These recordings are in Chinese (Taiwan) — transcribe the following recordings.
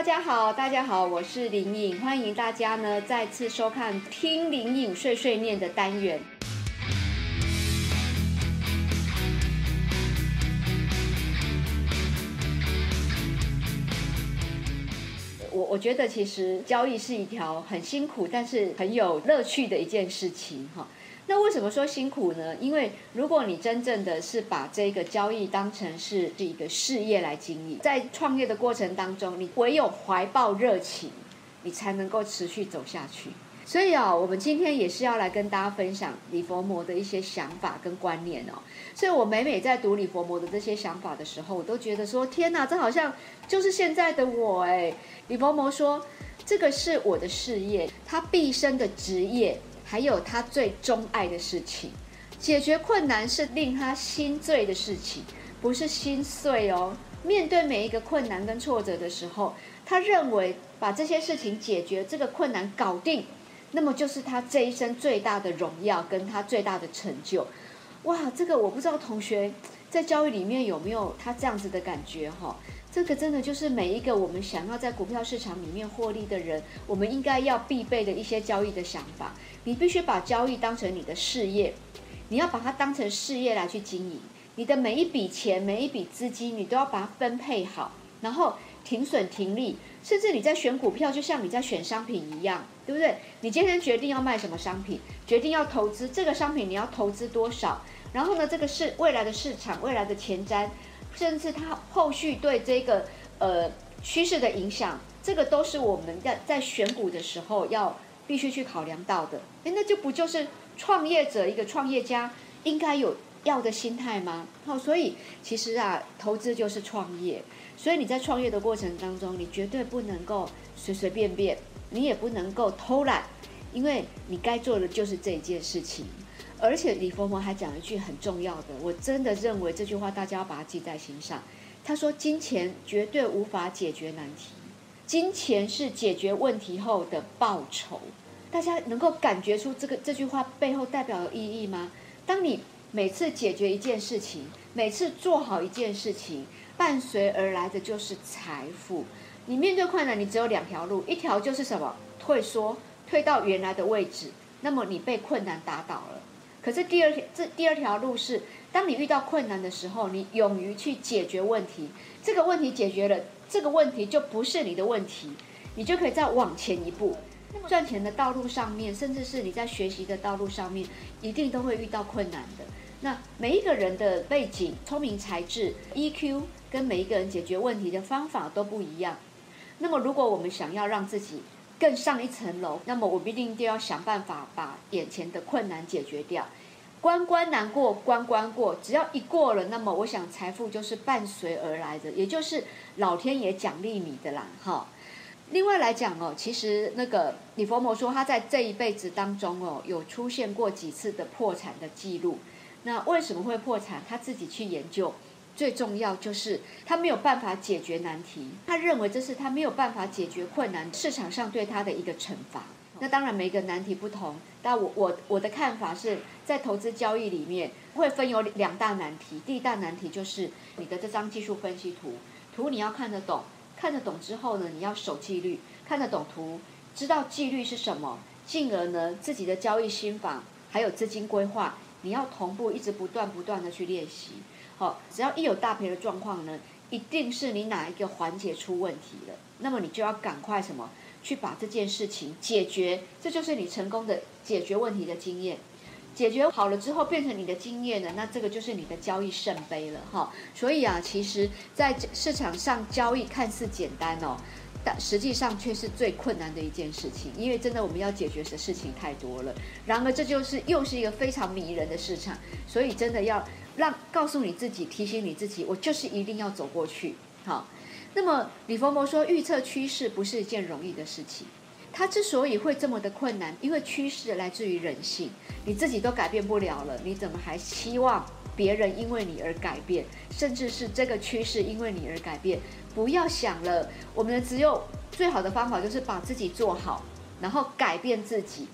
大家好，大家好，我是林穎，歡迎大家呢再次收看《聽林穎睡睡唸》的單元。嗯、我我覺得其實交易是一條很辛苦，但是很有樂趣的一件事情，哈。那為什麼說辛苦呢？因為如果你真正的是把這個交易當成是一個事業來經營，在創業的過程當中，你唯有懷抱熱情，你才能夠持續走下去。所以啊，我們今天也是要來跟大家分享李佛摩的一些想法跟觀念哦。所以我每每在讀李佛摩的這些想法的時候，我都覺得說：天哪，這好像就是現在的我欸！李佛摩說：“這個是我的事業，他畢生的職業。”還有他最鍾愛的事情，解決困難是令他心醉的事情，不是心碎哦。面對每一個困難跟挫折的時候，他認為把這些事情解決，這個困難搞定，那麼就是他這一生最大的榮耀跟他最大的成就。哇，這個我不知道同學在交易裡面有沒有他這樣子的感覺哈、哦。這個真的就是每一個我們想要在股票市場裡面獲利的人，我們應該要必備的一些交易的想法。你必須把交易當成你的事業，你要把它當成事業來去經營。你的每一筆錢、每一筆資金，你都要把它分配好，然後停損停利。甚至你在選股票，就像你在選商品一樣，對不對？你今天決定要賣什麼商品，決定要投資這個商品，你要投資多少？然後呢，這個是未來的市場，未來的前瞻。甚至它後續對這個呃趨勢的影響，這個都是我們在在選股的時候要必須去考量到的。誒，那就不就是創業者一個創業家應該有要的心態嗎？好、哦，所以其實啊，投資就是創業，所以你在創業的過程當中，你絕對不能夠隨隨便便，你也不能夠偷懶，因為你該做的就是這一件事情。而且李佛摩還講一句很重要的，我真的認為這句話大家要把它記在心上。他說：“金錢絕對無法解決難題，金錢是解決問題後的報酬。”大家能夠感覺出這個這句話背後代表的意義嗎？當你每次解決一件事情，每次做好一件事情，伴隨而來的就是財富。你面對困難，你只有兩條路，一條就是什麼？退縮，退到原來的位置，那麼你被困難打倒了。可是第二條，這第二條路是，當你遇到困難的時候，你勇於去解決問題。這個問題解決了，這個問題就不是你的問題，你就可以再往前一步。賺錢的道路上面，甚至是你在學習的道路上面，一定都會遇到困難的。那每一個人的背景、聰明才智、EQ、跟每一個人解決問題的方法都不一樣。那麼，如果我們想要讓自己更上一層樓，那麼我必定就要想辦法把眼前的困難解決掉。關關難過關關過，只要一過了，那麼我想財富就是伴隨而來的，也就是老天爺獎勵你的啦哈。另外來講哦，其實那個李佛摩說他在這一輩子當中哦，有出現過幾次的破產的記錄。那為什麼會破產？他自己去研究。最重要就是他沒有辦法解決難題，他認為這是他沒有辦法解決困難，市場上對他的一個懲罰。那當然每一個難題不同，但我我我的看法是在投資交易裡面會分有兩大難題，第一大難題就是你的這張技術分析圖，圖你要看得懂，看得懂之後呢，你要守紀律，看得懂圖，知道紀律是什麼，進而呢自己的交易心法還有資金規劃，你要同步一直不斷不斷的去練習。好，只要一有大賠的狀況呢，一定是你哪一個環節出問題了，那麼你就要趕快什麼去把這件事情解決，這就是你成功的解決問題的經驗。解決好了之後，變成你的經驗呢，那這個就是你的交易聖杯了哈，哦。所以啊，其實在這市場上交易看似簡單哦，但實際上卻是最困難的一件事情，因為真的我們要解決的事情太多了。然而，這就是又是一個非常迷人的市場，所以真的要。讓告訴你自己，提醒你自己，我就是一定要走過去。好，那麼李佛摩說，預測趨勢不是一件容易的事情。它之所以會這麼的困難，因為趨勢來自於人性，你自己都改變不了了，你怎麼還希望別人因為你而改變，甚至是這個趨勢因為你而改變？不要想了，我們只有最好的方法就是把自己做好，然後改變自己，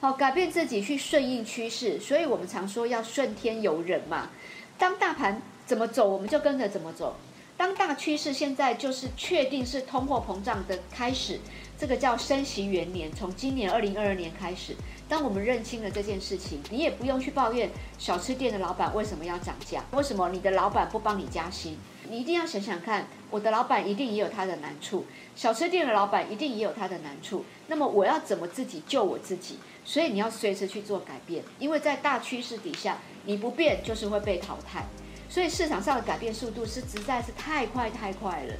好，改變自己去順應趨勢。所以我們常說要順天由人嘛。當大盤怎麼走，我們就跟着怎麼走。當大趨勢現在就是確定是通貨膨脹的開始，這個叫升息元年。從今年二零二二年開始，當我們認清了這件事情，你也不用去抱怨小吃店的老闆為什麼要漲價，為什麼你的老闆不幫你加薪，你一定要想想看。我的老闆一定也有他的難處，小吃店的老闆一定也有他的難處。那麼我要怎麼自己救我自己？所以你要隨時去做改變，因為在大趨勢底下，你不變就是會被淘汰。所以市場上的改變速度是實在是太快太快了。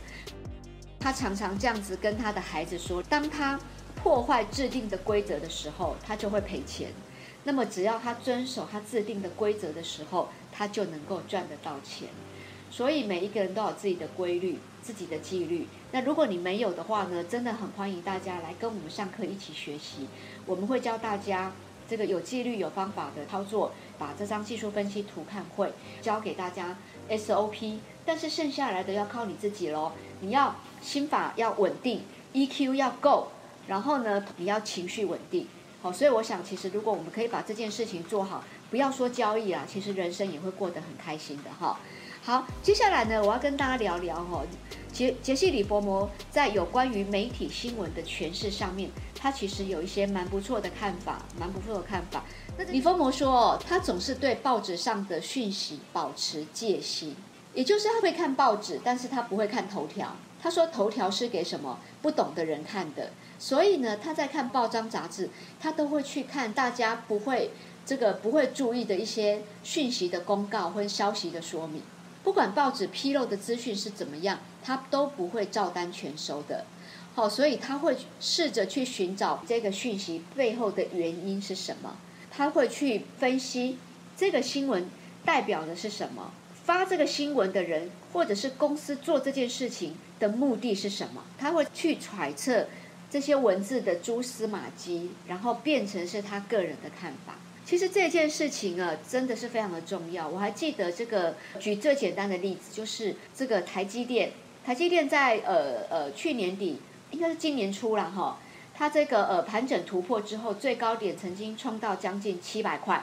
他常常這樣子跟他的孩子說，當他破壞制定的規則的時候，他就會賠錢；那麼只要他遵守他制定的規則的時候，他就能夠賺得到錢。所以每一個人都有自己的規律、自己的紀律。那如果你沒有的話呢？真的很歡迎大家來跟我們上課一起學習。我們會教大家這個有紀律、有方法的操作，把這張技術分析圖看會，教給大家 SOP。但是剩下來的要靠你自己咯。你要心法要穩定，EQ 要夠，然後呢，你要情緒穩定。好，所以我想，其實如果我們可以把這件事情做好，不要說交易啊，其實人生也會過得很開心的哈。好，接下來呢，我要跟大家聊聊哦，傑傑西李佛摩在有關於媒體新聞的詮釋上面，他其實有一些蠻不錯的看法，蠻不錯的看法。那李佛摩說，哦，他總是對報紙上的訊息保持戒心，也就是他會看報紙，但是他不會看頭條。他說頭條是給什麼不懂的人看的，所以呢，他在看報章雜誌，他都會去看大家不會這個不會注意的一些訊息的公告或消息的說明。不管報紙披露的資訊是怎麼樣，他都不會照單全收的。好，所以他會試着去尋找這個訊息背後的原因是什麼，他會去分析這個新聞代表的是什麼，發這個新聞的人或者是公司做這件事情的目的是什麼，他會去揣測這些文字的蛛絲馬跡，然後變成是他個人的看法。其實這件事情啊，真的是非常的重要。我還記得這個，舉最簡單的例子，就是這個台積電。台積電在呃呃去年底，應該是今年初了哈，它這個呃盤整突破之後，最高點曾經衝到將近七百塊。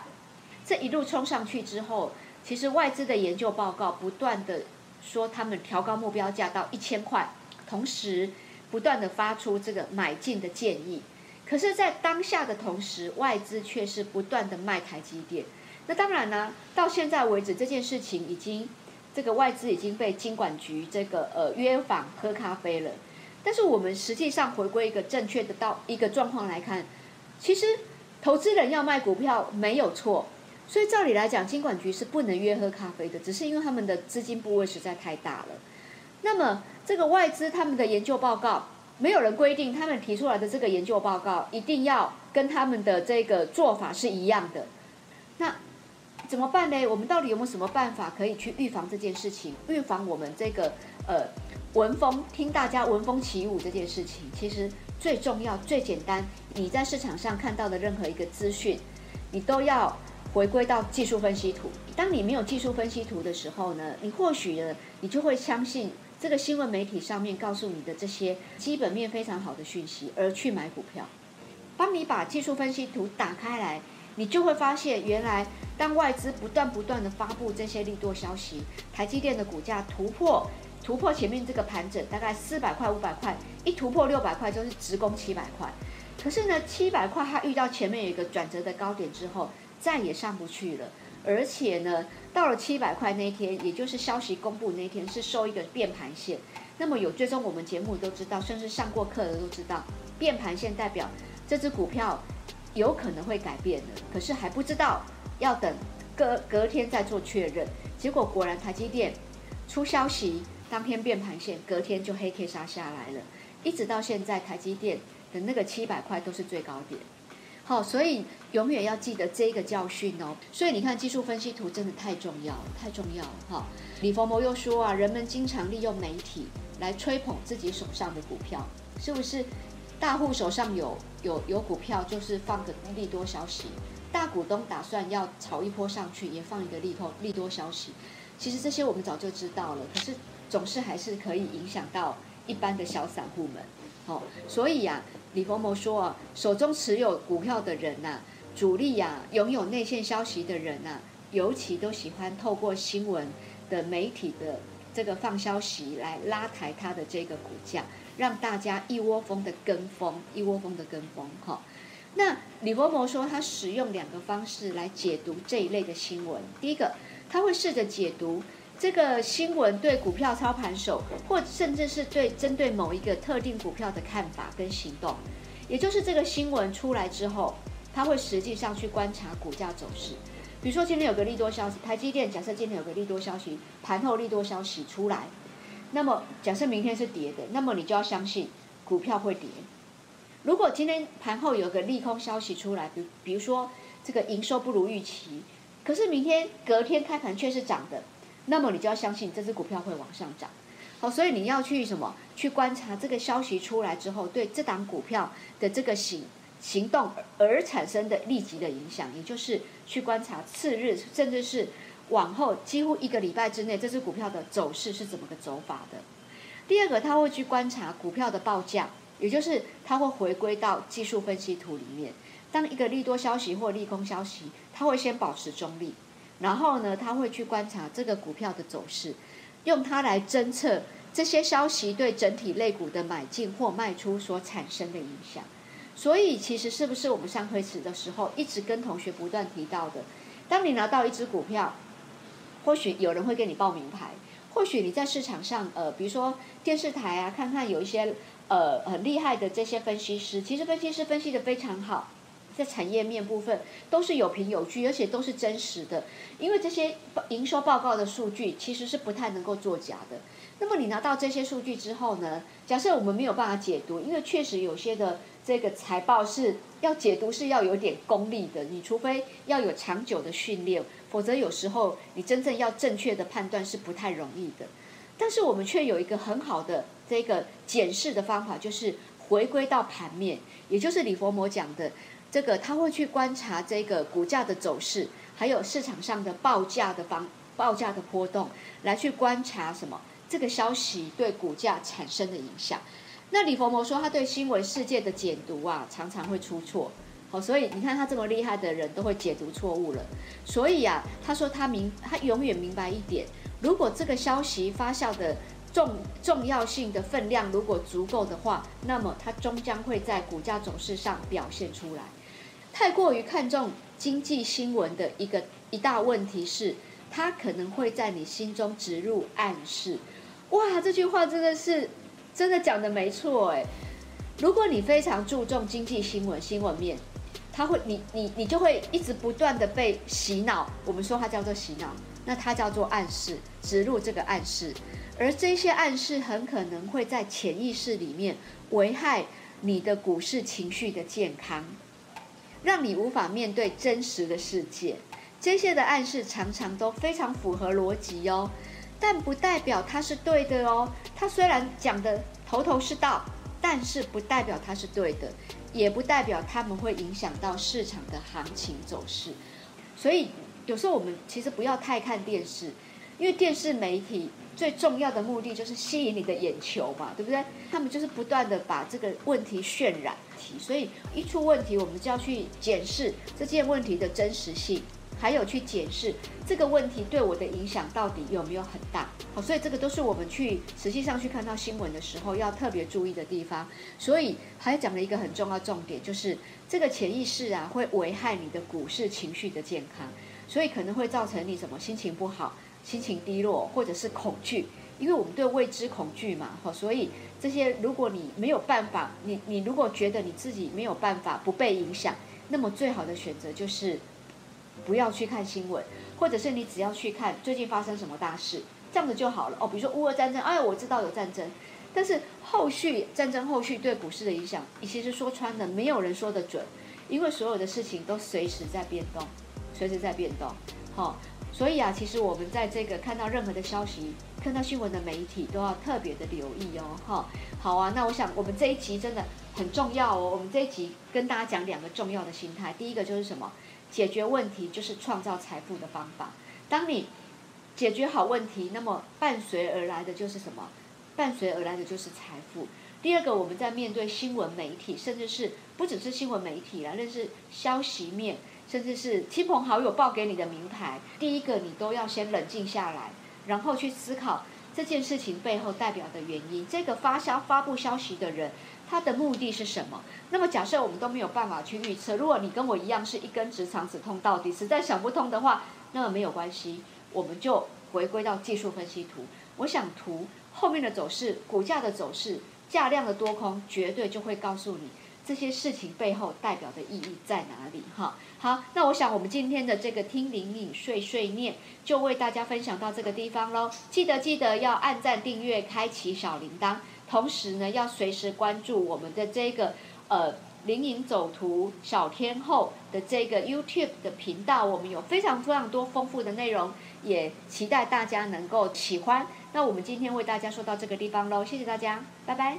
這一路衝上去之後，其實外資的研究報告不斷的說他們調高目標價到一千塊，同時不斷的發出這個買進的建議。可是，在當下的同時，外資卻是不斷的賣台積電。那當然呢、啊，到現在為止，這件事情已經，這個外資已經被金管局這個呃約訪喝咖啡了。但是，我們實際上回歸一個正確的道，一個狀況來看，其實投資人要賣股票沒有錯。所以，照理來講，金管局是不能約喝咖啡的，只是因為他們的資金部位實在太大了。那麼，這個外資他們的研究報告。沒有人規定他們提出來的這個研究報告一定要跟他們的這個做法是一樣的，那怎麼辦呢？我們到底有沒有什麼辦法可以去預防這件事情？預防我們這個呃聞風聽大家聞風起舞這件事情，其實最重要、最簡單，你在市場上看到的任何一個資訊，你都要回歸到技術分析圖。當你沒有技術分析圖的時候呢，你或許呢，你就會相信。這個新聞媒體上面告訴你的這些基本面非常好的訊息而去買股票，當你把技術分析圖打開來，你就會發現原來當外資不斷不斷的發布這些利多消息，台積電的股價突破突破前面這個盤整大概四百塊五百塊，一突破六百塊就是直攻七百塊，可是呢七百塊它遇到前面有一個轉折的高點之後再也上不去了。而且呢，到了七百塊那一天，也就是消息公布那天，是收一個變盤線。那麼有，最終我們節目都知道，甚至上過課的都知道，變盤線代表這隻股票有可能會改變的。可是還不知道，要等隔隔天再做確認。結果果然，台積電出消息當天變盤線，隔天就黑 K 殺下來了。一直到現在，台積電的那個七百塊都是最高點。好、哦，所以永遠要記得這個教訓哦。所以你看，技術分析圖真的太重要了，太重要了。哦、李佛摩又說啊，人們經常利用媒體來吹捧自己手上的股票，是不是？大戶手上有有有股票，就是放個利多消息；大股東打算要炒一波上去，也放一個利多利多消息。其實這些我們早就知道了，可是總是還是可以影響到一般的小散戶們。好、哦，所以呀、啊。李佛摩說啊，手中持有股票的人吶、啊，主力呀、啊，擁有內線消息的人吶、啊，尤其都喜歡透過新聞的媒體的這個放消息來拉抬他的這個股價，讓大家一窩蜂的跟風，一窩蜂的跟風哈。那李佛摩說，他使用兩個方式來解讀這一類的新聞，第一個，他會試着解讀。這個新聞對股票操盤手，或者甚至是對針對某一個特定股票的看法跟行動，也就是這個新聞出來之後，他會實際上去觀察股價走勢。比如說今天有個利多消息，台積電假設今天有個利多消息，盤後利多消息出來，那麼假設明天是跌的，那麼你就要相信股票會跌。如果今天盤後有個利空消息出來，比比如說這個營收不如預期，可是明天隔天開盤卻是漲的。那麼你就要相信這隻股票會往上漲，好，所以你要去什麼？去觀察這個消息出來之後，對這檔股票的這個行行動而產生的立即的影響，也就是去觀察次日，甚至是往後幾乎一個禮拜之內，這隻股票的走勢是怎麼個走法的。第二個，他會去觀察股票的報價，也就是他會回歸到技術分析圖裡面。當一個利多消息或利空消息，他會先保持中立。然後呢，他會去觀察這個股票的走勢，用它來偵測這些消息對整體類股的買進或賣出所產生的影響。所以，其實是不是我們上課時的時候一直跟同學不斷提到的？當你拿到一隻股票，或許有人會給你報名牌，或許你在市場上，呃，比如說電視台啊，看看有一些呃很厲害的這些分析師，其實分析師分析得非常好。在產業面部分都是有憑有據，而且都是真實的，因為這些營收報告的數據其實是不太能夠作假的。那麼你拿到這些數據之後呢？假設我們沒有辦法解讀，因為確實有些的這個財報是要解讀是要有點功力的，你除非要有長久的訓練，否則有時候你真正要正確的判斷是不太容易的。但是我們卻有一個很好的這個檢視的方法，就是回歸到盤面，也就是李佛摩講的。這個他會去觀察這個股價的走勢，還有市場上的報價的方報價的波動，來去觀察什麼這個消息對股價產生的影響。那李佛摩說，他對新聞世界的解讀啊，常常會出錯。好、哦，所以你看他這麼厲害的人，都會解讀錯誤了。所以啊，他說他明他永遠明白一點：如果這個消息發酵，的重重要性的分量如果足夠的話，那麼它終將會在股價走勢上表現出來。太過於看重經濟新聞的一個一大問題是，它可能會在你心中植入暗示。哇，這句話真的是真的講得沒錯誒。如果你非常注重經濟新聞新聞面，它會，你你你就會一直不斷地被洗腦。我們說它叫做洗腦，那它叫做暗示，植入這個暗示，而這些暗示很可能會在潛意識裡面危害你的股市情緒的健康。讓你無法面對真實的世界，這些的暗示常常都非常符合邏輯哦，但不代表它是對的哦。它雖然講的頭頭是道，但是不代表它是對的，也不代表它們會影響到市場的行情走勢。所以有時候我們其實不要太看電視，因為電視媒體。最重要的目的就是吸引你的眼球嘛，對不對？他們就是不斷的把這個問題渲染提，所以一出問題，我們就要去檢視這件問題的真實性，還有去檢視這個問題對我的影響到底有沒有很大。好、哦，所以這個都是我們去實際上去看到新聞的時候要特別注意的地方。所以還講了一個很重要重點，就是這個潛意識啊會危害你的股市情緒的健康，所以可能會造成你什麼心情不好。心情低落，或者是恐懼，因為我們對未知恐懼嘛，哈、哦，所以這些如果你沒有辦法，你你如果覺得你自己沒有辦法不被影響，那麼最好的選擇就是不要去看新聞，或者是你只要去看最近發生什麼大事，這樣子就好了哦。比如說烏俄戰爭，哎，我知道有戰爭，但是後續戰爭後續對股市的影響，你其實說穿了沒有人說得準，因為所有的事情都隨時在變動，隨時在變動，哈、哦。所以啊，其實我們在這個看到任何的消息，看到新聞的媒體，都要特別的留意哦。哈，好啊，那我想我們這一集真的很重要哦。我們這一集跟大家講兩個重要的心態，第一個就是什麼？解決問題就是創造財富的方法。當你解決好問題，那麼伴隨而來的就是什麼？伴隨而來的就是財富。第二個，我們在面對新聞媒體，甚至是不只是新聞媒體啦，認識消息面。甚至是親朋好友報給你的明牌，第一個你都要先冷靜下來，然後去思考這件事情背後代表的原因。這個發消發布消息的人，他的目的是什麼？那麼假設我們都沒有辦法去預測，如果你跟我一樣是一根直腸子通到底，實在想不通的話，那麼沒有關係，我們就回歸到技術分析圖。我想圖後面的走勢、股價的走勢、價量的多空，絕對就會告訴你。這些事情背後代表的意義在哪裡？哈，好，那我想我們今天的這個聽林穎睡睡唸就為大家分享到這個地方嘍。記得記得要按讚、訂閱、開啟小鈴鐺，同時呢要隨時關注我們的這個呃林穎走圖小天後的這個 YouTube 的頻道，我們有非常非常多豐富的內容，也期待大家能夠喜歡。那我們今天為大家說到這個地方嘍，謝謝大家，拜拜。